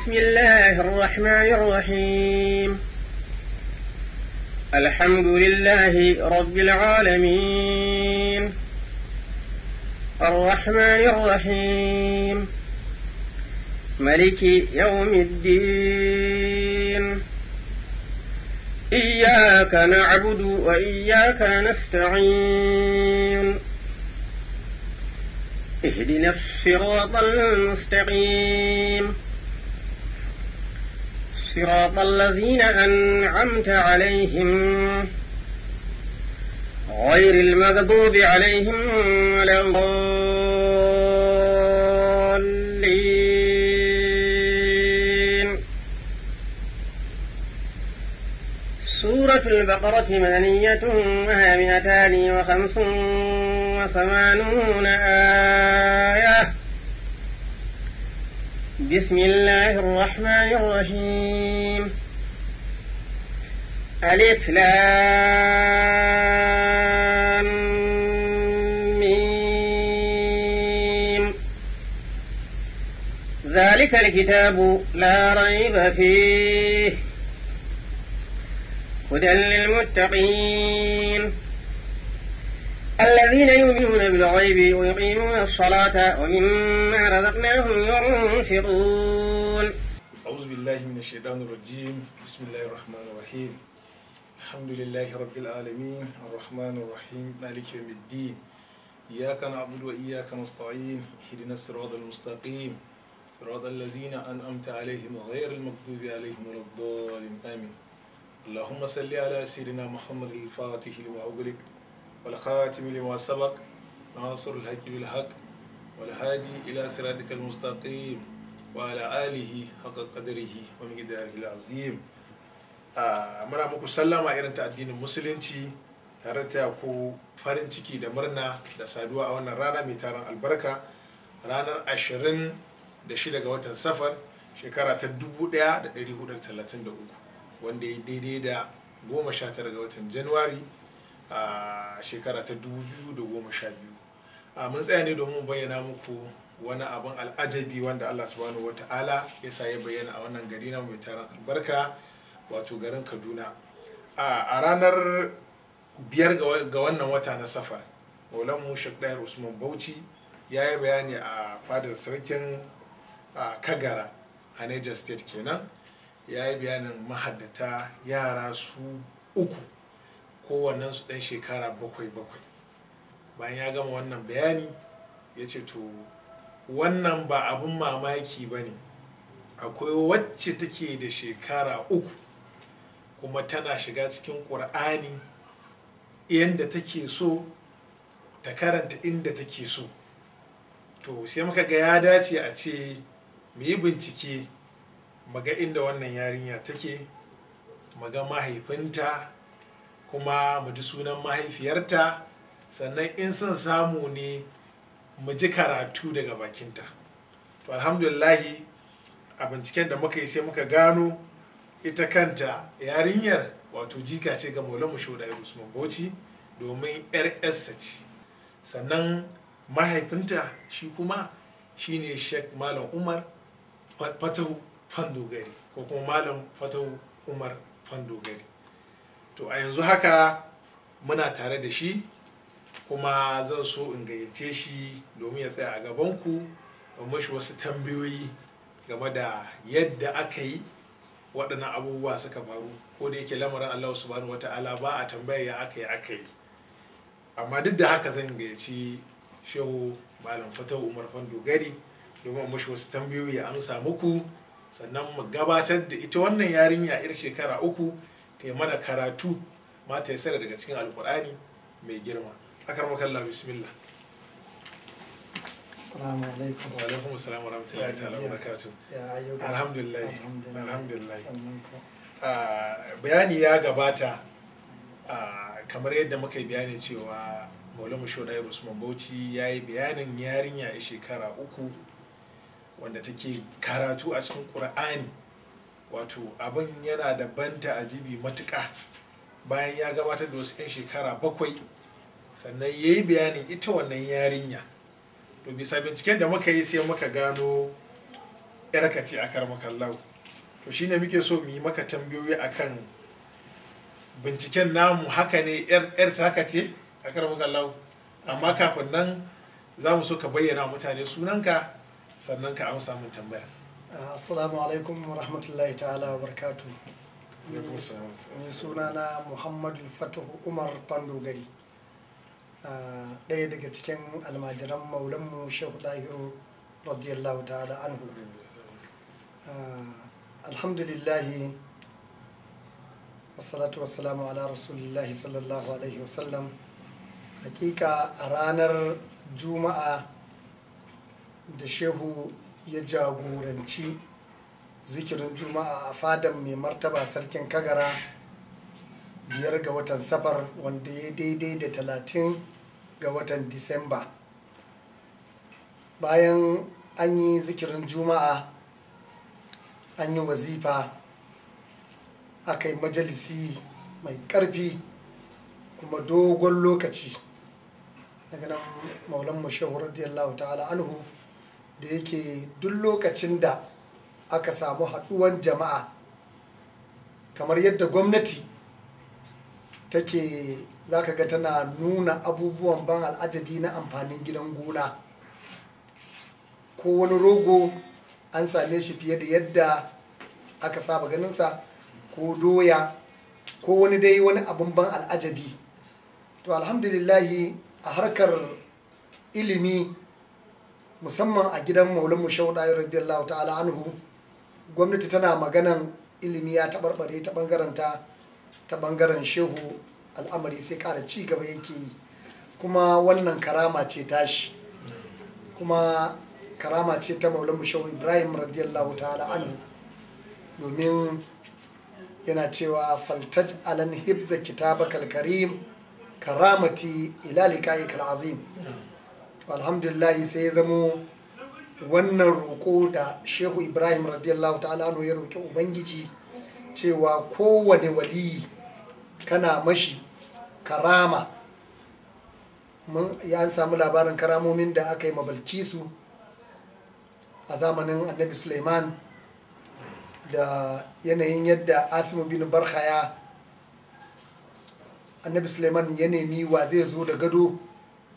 بسم الله الرحمن الرحيم الحمد لله رب العالمين الرحمن الرحيم ملك يوم الدين إياك نعبد وإياك نستعين اهدنا الصراط المستقيم صراط الذين أنعمت عليهم غير المغضوب عليهم ولا الضالين سورة البقرة مدنية وها مئتان وخمس وثمانون آية بسم الله الرحمن الرحيم ألف لام ميم ذلك الكتاب لا ريب فيه هدى للمتقين الذين يؤمنون بالغيب ويقيمون الصلاة ومما رزقناهم ينفقون أعوذ بالله من الشيطان الرجيم بسم الله الرحمن الرحيم الحمد لله رب العالمين الرحمن الرحيم مالك يوم الدين إياك نعبد وإياك نستعين اهدنا الصراط المستقيم صراط الذين أنعمت عليهم غير المغضوب عليهم ولا الضالين آمين اللهم صل على سيدنا محمد الفاتح لما والخاتم لما سبق ناصر الحق بالحق والهادي إلى صراطك المستقيم وعلى آله حق قدره قدره العظيم muna muku sallama irin ta addinin musulunci tare ta ku farin ciki da murna da saduwa a wannan rana mai taron albarka ranar 26 ga watan safar shekara ta 1433 wanda ya daidai da 19 ga watan januwari a shekara ta goma sha 2012 mun tsaya ne domin bayyana muku wani abin al'ajabi wanda allah subhanahu wa ta'ala ya sa ya bayyana a wannan gari na mai taron albarka wato garin kaduna a ranar biyar ga wannan wata na safar mushe ɗayar usman bauchi ya yi bayani a fadar sarkin kagara a niger state kenan ya yi bayanin mahaddata yara su uku kowannen su ɗan shekara bakwai bakwai bayan ya gama wannan bayani ya ce to wannan ba abin mamaki ba ne akwai wacce take da shekara uku kuma tana shiga cikin ƙur'ani yadda take so ta karanta inda take so to sai muka ga ya dace a ce mu yi bincike maga inda wannan yarinya take maga mahaifinta kuma mu ji sunan mahaifiyarta sannan in son samu ne mu ji karatu daga bakinta to alhamdulillahi a binciken da muka yi sai muka gano ita kanta yarinyar wato jika ce ga maulamu shodayi usman bauchi domin yarsa ce sannan mahaifinta shi kuma shine sheikh malam umar fatahu fandogari ko kuma malam fatahu umar fandogari to a yanzu haka muna tare da shi kuma zan so in gayyace shi domin ya tsaya a gabanku mashi wasu tambayoyi game da yadda aka yi waɗannan abubuwa suka faru ko da yake lamarin Allah subhanahu wata'ala ba a tambaya ya aka yi aka yi amma duk da haka zan gayyaci shehu malam fatau umar fandogari domin mashi wasu tambayoyi ya amsa muku sannan mu gabatar da ita wannan yarinya ir shekara uku kai mana karatu ma ta yasara daga cikin alkur'ani mai girma akar makalla bismillah Wa Alhamdulillah. Ah, bayani ya gabata ah, kamar yadda muka yi bayani cewa Maulana Shodayi Usman Bauchi ya yi bayanin yarinya a shekara uku wanda take karatu a cikin Ƙur'ani. wato abin yana da banta a jibi matuka bayan ya gabatar da wasu 'yan shekara bakwai sannan ya yi bayanin ita wannan yarinya to bisa binciken da muka yi sai muka gano yarka ce a makallau to shine muke so mu yi maka tambayoyi akan binciken namu haka ne yar ta haka ce a makallau amma kafin nan za mu so ka bayyana mutane sunanka sannan ka amsa mun tambaya assalamu alaikum wa rahmatullahi ta'ala wa barkatu ni sunana muhammadu fatahu umar pandogari ah, ɗaya daga cikin almajiran maulanmu shehu ɗahiru radiyallahu ta'ala anhu ah, alhamdulillahi wassalatu wassalamu ala rasulillahi sallallahu alaihi wasallam hakika a ranar juma'a da shehu ya jagoranci zikirin juma'a a fadan mai martaba sarkin kagara biyar ga watan safar wanda ya daidai da talatin ga watan disamba bayan an yi zikirin juma'a an yi wazifa aka yi majalisi mai ƙarfi kuma dogon lokaci daga nan maulan mashahu radiyallahu ta'ala anhu da yake duk lokacin da aka samu haɗuwan jama'a kamar yadda gwamnati take za ka ga tana nuna abubuwan ban al'ajabi na amfanin gidan gona ko wani rogo an same shi fiye da yadda aka saba ganinsa ko doya ko wani dai wani abin ban al'ajabi to alhamdulillahi a harkar ilimi musamman a gidan maulan mushau ɗayi radiyallahu ta'ala anhu gwamnati tana maganan ilimi ya taɓarɓare ta ɓangaren ta ta ɓangaren shehu al'amari sai ƙara ci gaba yake yi kuma wannan karama ce tashi kuma karama ce ta maulan mushau ibrahim radiyallahu ta'ala anhu domin yana cewa faltaj alan hibza kitabakal karim karamati ila liqa'ikal azim alhamdulillah sai ya zamo wannan roƙo da shehu ibrahim radiyallahu ta'ala ya roƙi ubangiji cewa kowane waliyi kana mashi karama ya samu labarin karamomin da aka yi mabalkisu a zamanin annabi suleiman da yanayin yadda asimu bin barhaya annabi suleiman ya nemi wa zai zo da gado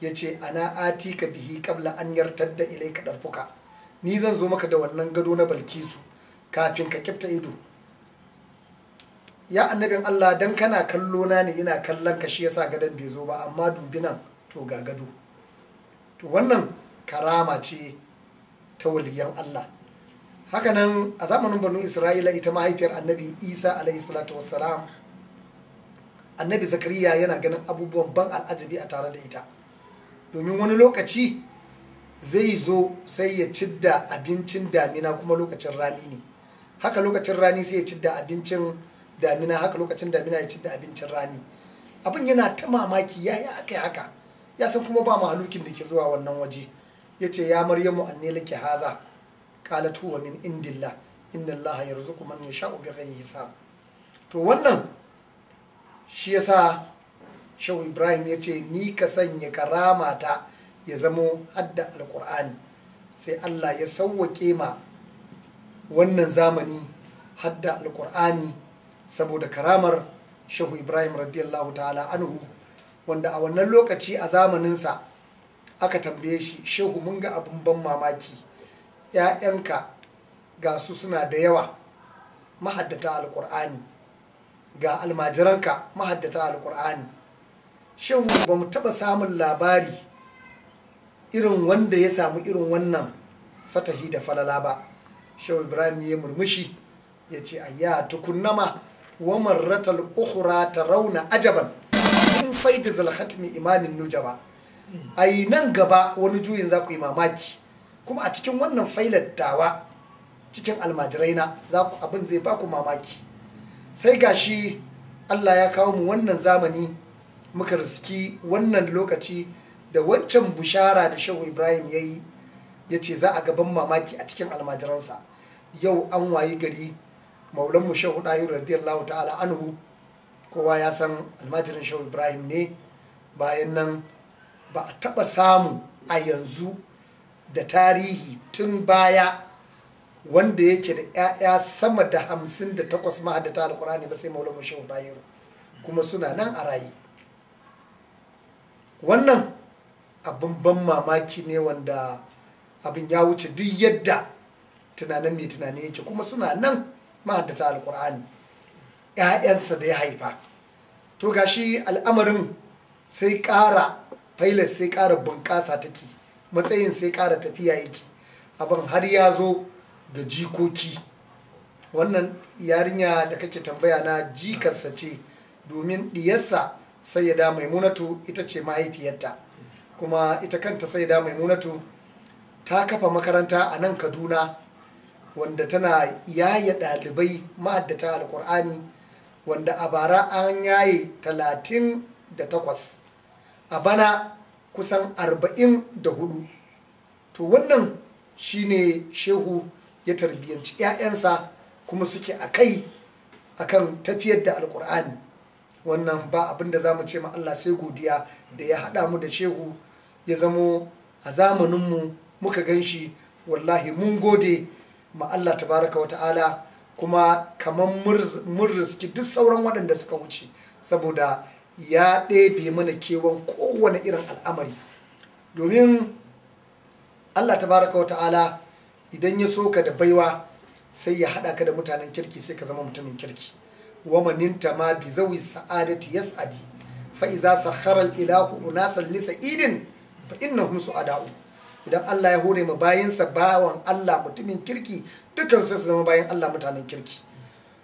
ya ce ana ka bihi kabla an yartar da ilai ka ɗarfuka ni zan zo maka da wannan gado na balkisu kafin ka kyafta ido ya annabin allah dan kana kallo na ne ina kallon ka shi yasa gadon bai zo ba amma dubi nan to ga gado to wannan karama ce ta waliyan allah hakanan a zamanin banu isra'ila ita mahaifiyar annabi isa alaihi salatu annabi zakariya yana ganin abubuwan ban al'ajabi a tare da ita domin wani lokaci zai zo sai ya cidda abincin damina kuma lokacin rani ne haka lokacin rani sai ya cidda abincin damina haka lokacin damina ya cidda abincin rani abin yana ta mamaki ya yi aka haka ya san kuma ba mahalukin da ke zuwa wannan waje ya ce ya maryamu anne laki haza qalat huwa min indillah inna kuma yarzuqu man yasha'u bighairi hisab to wannan shi yasa shehu ibrahim ya ce ni ka sanya karama ta ya zamo hadda alkur'ani sai allah ya sauwake ma wannan zamani hadda alkur'ani saboda karamar shehu ibrahim radiyallahu ta'ala anhu wanda a wannan lokaci a zamaninsa aka tambaye shi shehu mun ga abin ban mamaki 'ya'yanka ga su suna da yawa mahaddata alkur'ani ga almajiranka mahaddata alkur'ani shehu ba mu taɓa samun labari irin wanda ya samu irin wannan fatahi da falala ba shehu ibrahim ya murmushi ya ce ayya tukunnama wa marratal ta rauna ajaban in faida zalhatmi imamin nujaba ai nan gaba wani juyin za ku yi mamaki kuma a cikin wannan failar tawa cikin almajirai na abin zai ba ku mamaki sai gashi Allah ya kawo mu wannan zamani muka riski wannan lokaci da waccan bushara da shehu ibrahim ya yi ya ce za a gaban mamaki a cikin almajiransa yau an wayi gari maulanmu shehu ɗayu radiyallahu ta'ala anhu kowa ya san almajirin shehu ibrahim ne bayan nan ba a taɓa samu a yanzu da tarihi tun baya wanda yake da 'ya'ya sama da hamsin da takwas mahaddata alkurani ba sai maulanmu shehu ɗayu kuma suna nan a raye wannan abin ban mamaki ne wanda abin ya wuce duk yadda tunanin mai tunani yake kuma suna nan mahaddata alkur'ani ‘ya'yansa da ya haifa to gashi al'amarin sai ƙara failas sai ƙara bunƙasa take matsayin sai ƙara tafiya yake abin har ya zo da jikoki wannan yarinya da kake tambaya na jikarsa ce domin ɗiyarsa sayyada maimunatu ita ce mahaifiyarta kuma ita kanta sayyada maimunatu ta kafa makaranta a nan kaduna wanda tana yaye dalibai ma'addata alkur'ani wanda a bara an yaye 38 a bana kusan 44 to wannan shine shehu ya tarbiyyanci 'ya'yansa kuma suke a kai akan tafiyar da alkur'ani wannan ba abin da za mu ce ma Allah sai godiya da ya haɗa mu da shehu ya zamo a zamaninmu muka gan shi wallahi mun gode ma Allah tabaraka wa ta'ala kuma kamar mun riski duk sauran waɗanda suka wuce saboda ya ɗebe mana kewan kowane irin al'amari domin Allah tabaraka wa ta'ala idan ya so ka da baiwa sai ya haɗa ka da mutanen kirki sai ka zama mutumin kirki wa maninta ma bi zawi sa'adati yas'adi fa idza sakhara al-ilahu unasan li sa'idin idan Allah ya hore ma bayinsa bawan Allah mutumin kirki dukkan su zama bayan Allah mutanen kirki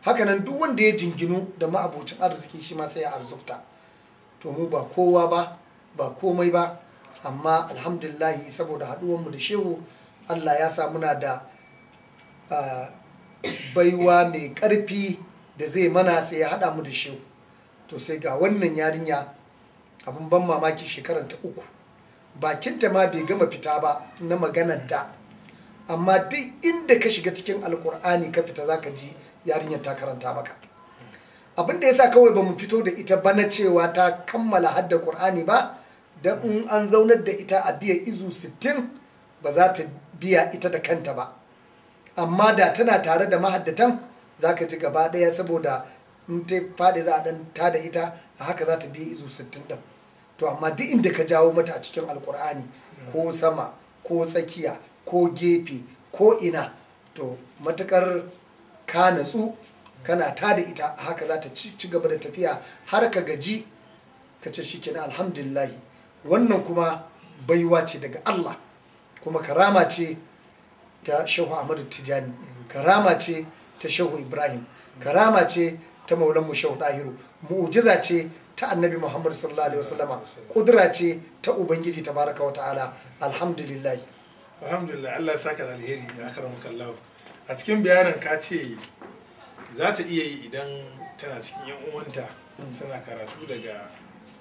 hakanan duk wanda ya jinginu da ma'abucin arziki shi ma sai ya arzukta to mu ba kowa ba ba komai ba amma alhamdulillahi saboda mu da shehu Allah ya sa muna da ah, baiwa mai karfi. da zai mana sai ya haɗa mu da shi to sai ga wannan yarinya abin ban mamaki shekaran ta uku bakinta ma bai gama fita ba na maganar da amma duk inda ka shiga cikin alkur'ani ka fita zaka ji yarinyar ta karanta maka abin da yasa kawai bamu fito da ita ba na cewa ta kammala hadda qur'ani ba dan in an zaunar da ita a biya izu 60 ba za ta biya ita da kanta ba amma da tana tare da mahaddatan za ka ji gaba ɗaya saboda in ta faɗi za a ɗan ta da ita a haka za ta biya izu sittin ɗin to amma duk inda ka jawo mata a cikin alkur'ani ko sama ko tsakiya ko gefe ko ina to matukar ka natsu kana ta da ita a haka za ta ci gaba da tafiya har ka gaji ka ce shi kenan alhamdulillah wannan kuma baiwa ce daga Allah kuma karama ce ta shehu Ahmadu Tijani karama ce ta shehu ibrahim karama ce ta mu shehu dahiru mu'jiza ce ta annabi muhammad sallallahu alaihi wasallama kudura ce ta ubangiji tabaraka wa ta'ala alhamdulillah alhamdulillah Allah ya saka da alheri ya karamu kallahu a cikin bayanin ka ce za ta iya yi idan tana cikin yan uwanta suna karatu daga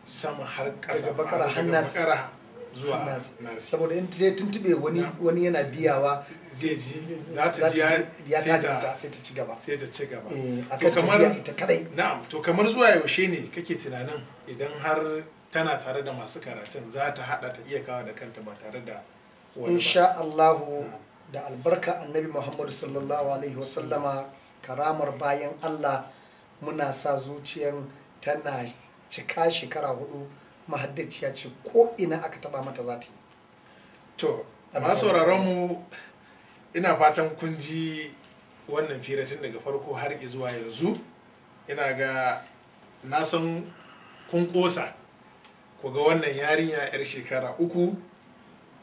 sama har ƙasa daga bakara zuwa nas saboda in zai tuntube wani wani yana biyawa zai ji za ta ji ya ta ta sai ta ci gaba sai ta ci gaba eh, to kamar ita kadai na'am to kamar zuwa yaushe ne kake tunanin idan har tana tare da masu karatun za ta hada ta iya kawo da kanta ba tare da wani insha Allah da albarka annabi Muhammadu sallallahu alaihi wasallama karamar bayan Allah muna sa zuciyar tana cika shekara hudu mahaddaciya ce ko ina aka taba mata za ta yi to amma sauraron mu ina fatan kun ji wannan firatin daga farko har zuwa yanzu ina ga na san kun kosa ku ga wannan yarinya yar shekara uku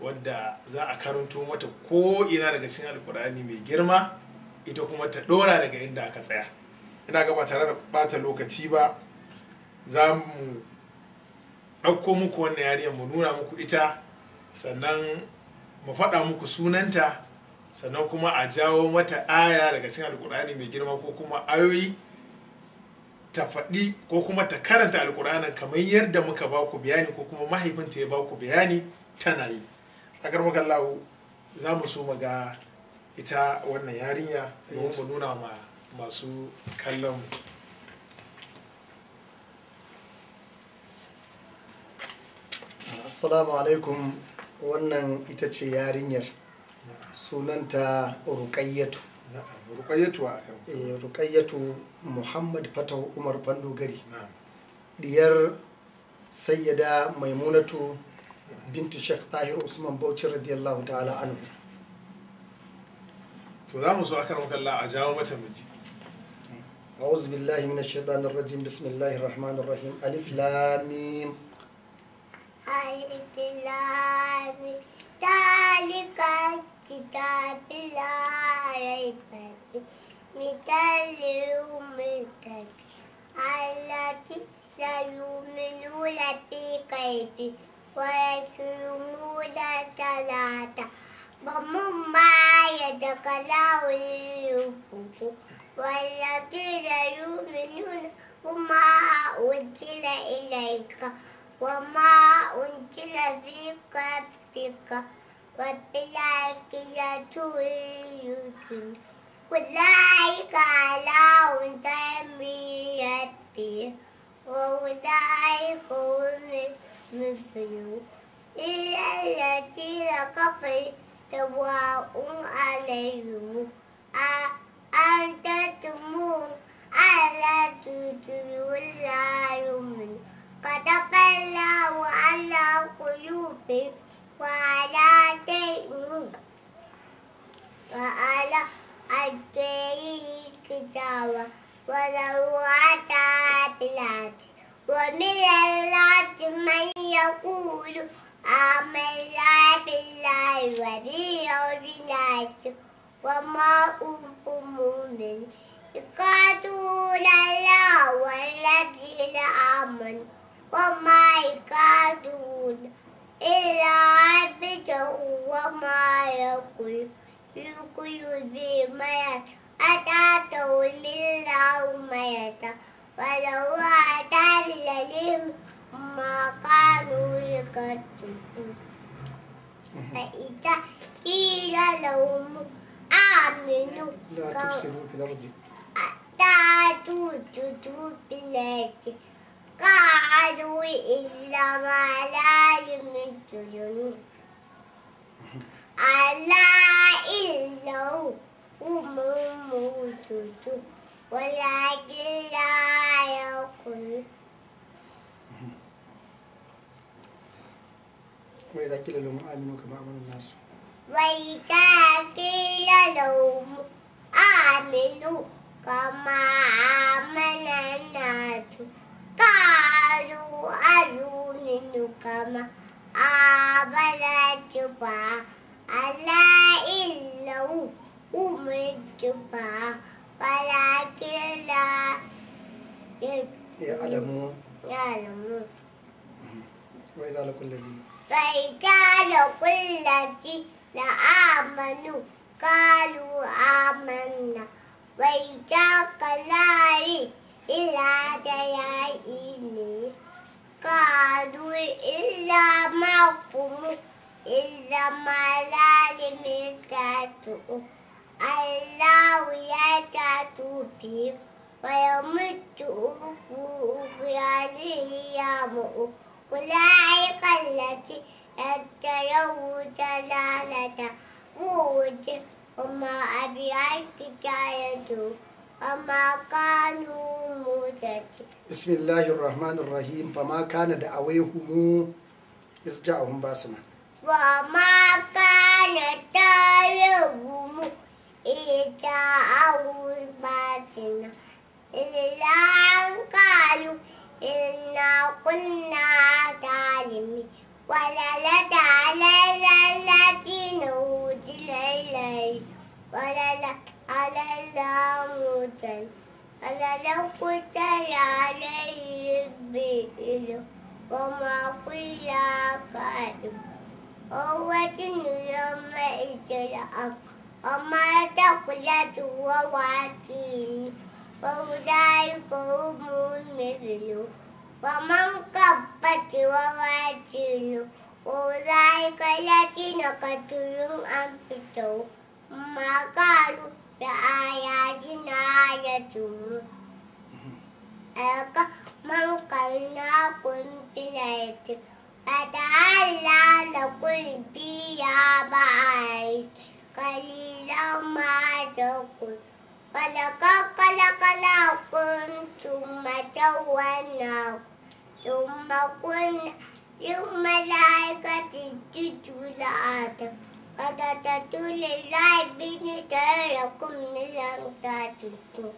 wadda za a karanto mata ko ina daga cikin alkur'ani mai girma ita kuma ta dora daga inda aka tsaya ina ga ba tare da bata lokaci ba za mu ɗauko muku wannan yarinya mu nuna muku ita sannan mu faɗa muku sunanta sannan kuma a jawo mata aya daga cikin alkur'ani mai girma ko kuma ayoyi ta faɗi ko kuma ta karanta alkur'anin kamar yadda muka ba ku bayani ko kuma mahaifinta ya ba ku bayani tana yi a karmakan lawo za mu so mu ga ita wannan yarinya domin mu nuna ma masu kallon mu assalamu alaikum wannan ita ce yarinyar sunanta rukayyatu rukayyatu eh, muhammad fatahu umar gari diyar sayyada maimunatu bintu sheikh tahir usman bauchi radiyallahu ta'ala anu to za mu zo aka kalla a jawo mata miji أعوذ بالله من الشيطان الرجيم بسم الله rahim alif ألف لام ألف لام ذلك الكتاب لا ريب فيه مثل يوم القيامة التي لا يؤمنون في غيبه ويكرمون ثلاثة وهم ما يتكلم الأنفس والذين يؤمنون بما أنزل إليك وما أنزل في ربك والملائكة يؤمنون أولئك على هدى من ربهم وأولئك هم المفلحون إلا الذين كفروا سواء عليهم أأنذرتموهم الله على قلوبهم وعلى دينهم وعلى أجريه كتابا ولو أتى بلاد ومن الناس من يقول آمنا بالله وباليوم الآخر وما هم بمؤمنين يقاتلون الله والذين آمنوا Oh my God, dude. It's a bit of a mile. You could be my head. I thought I was my head. But I thought I was my head. My God, we got to do. Да, тут, тут, тут, Wai za kila lomu aminu kama amonin nasu. Wai za kila lomu aminu kama aminu. sama abala juba ala illahu umri juba walakin la ya'lamu ya'lamu mm-hmm. wa idza laqul ladzina fa amanu qalu amanna wa idza qalari ila dayaini قالوا إلا معكم إلا ما ظالمين تاتوا الله يتاتوا بهم ويمدوا بغيانه يامؤوا أولئك التي يدعوا دلالة وجه وما أبيعتك يدعو وما كانوا Bismillahir Rahmanir Rahim fa ma kana da awaihum isja'uhum basuna wa ma kana ta'lamum ita'u batina ila an qalu kunna ta'limi wa la la la la la tinu dilay lay wa ela não cuidará de filho, como a cuidado. O ratinho me irá. O mar está cuidado do ratinho. O mudar como o menino. O manco partiu o ratinho. O ratinho com a turma apitou. O macaco. ضايعتو ألقى من قلناكم بليت فتعالى لكل بيا بعيد قليلا ما تقول خلقك خلقناكم ثم سويناكم ثم قلنا للملائكة اسجدوا لآدم Odada tuli laibini tõele, kui meil on tõetud.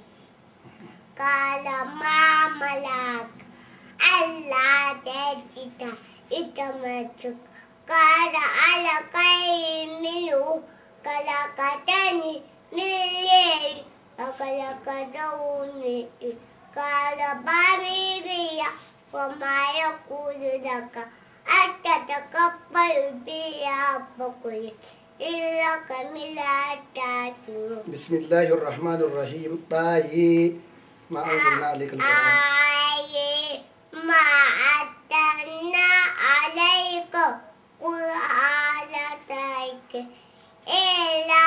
Kaala maama laak, alla tehtida, itama tuk. Kaala ala kai minu, kaala ka tani, millel, aga la ka tõuni. Kaala bami viia, kui ma ei kuulu laka. أتتقبل بي ربكم إنك من التاتين بسم الله الرحمن الرحيم طاي ما أنزلنا عليك القرآن آي ما أنزلنا عليك قرآن تايك إلا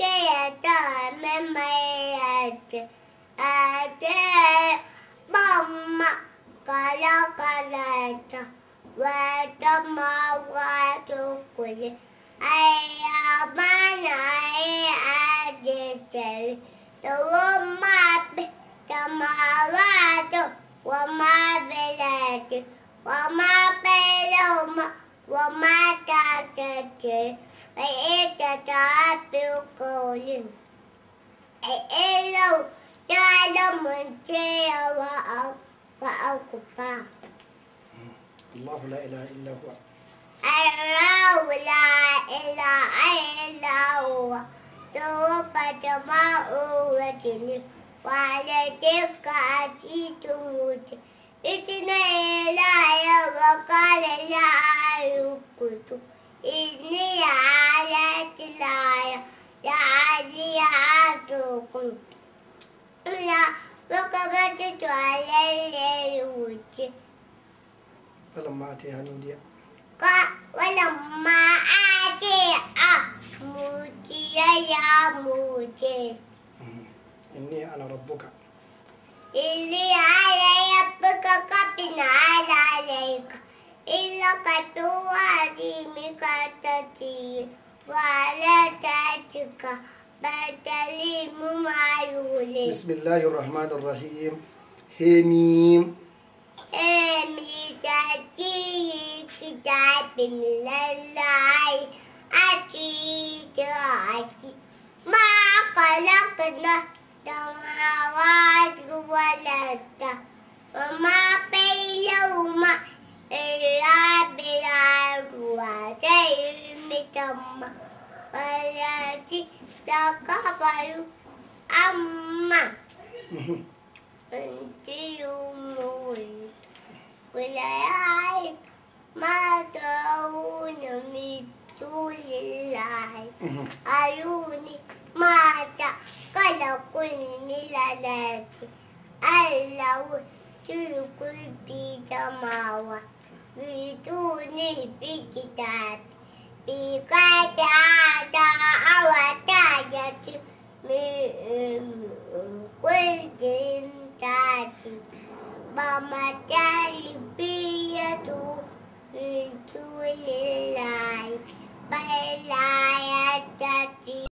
يا يتامى ميت أتي بما قلق لك về trong mơ qua chú quỳ ai ba à, này ai chị chị từ ma bê trong mơ qua chú qua ma bê là chị qua ma bê lâu mà qua ma cha chị chị ai ai cha cha tiêu cô linh ai ai lâu cha lâu mình chơi vào vào của ba الله لا إله إلا هو الله لا إله إلا هو توبة ما أوتني وعليك أتيت موتي إتنا إلهي وقال لا أركض إني على تلايا لعلي أتوكم لا وقفت على الليل falamma ta a ce a mujiya ya muje mhm. inni ana rabbuka inni ala rabbuka kafin ala alaika illa ka tuwa mika ta ci wala ta cika بدل المعيول بسم الله الرحمن الرحيم هميم em cha chi cha bình lên lại a chi cho chi ma pa la ka na dong ha wa du wa la ta ma pe lo ma la be la wa te mi ta ma pa la chi da ka pa lu amma chi lu mo ولا ما ترون من دون الله أروني ماذا قد كل ملادات الله تلك في سماوات بدوني في كتاب في قد عاد وتاجت من كل ذات Mama, Daddy, be a do into life. Bye, liar, Daddy.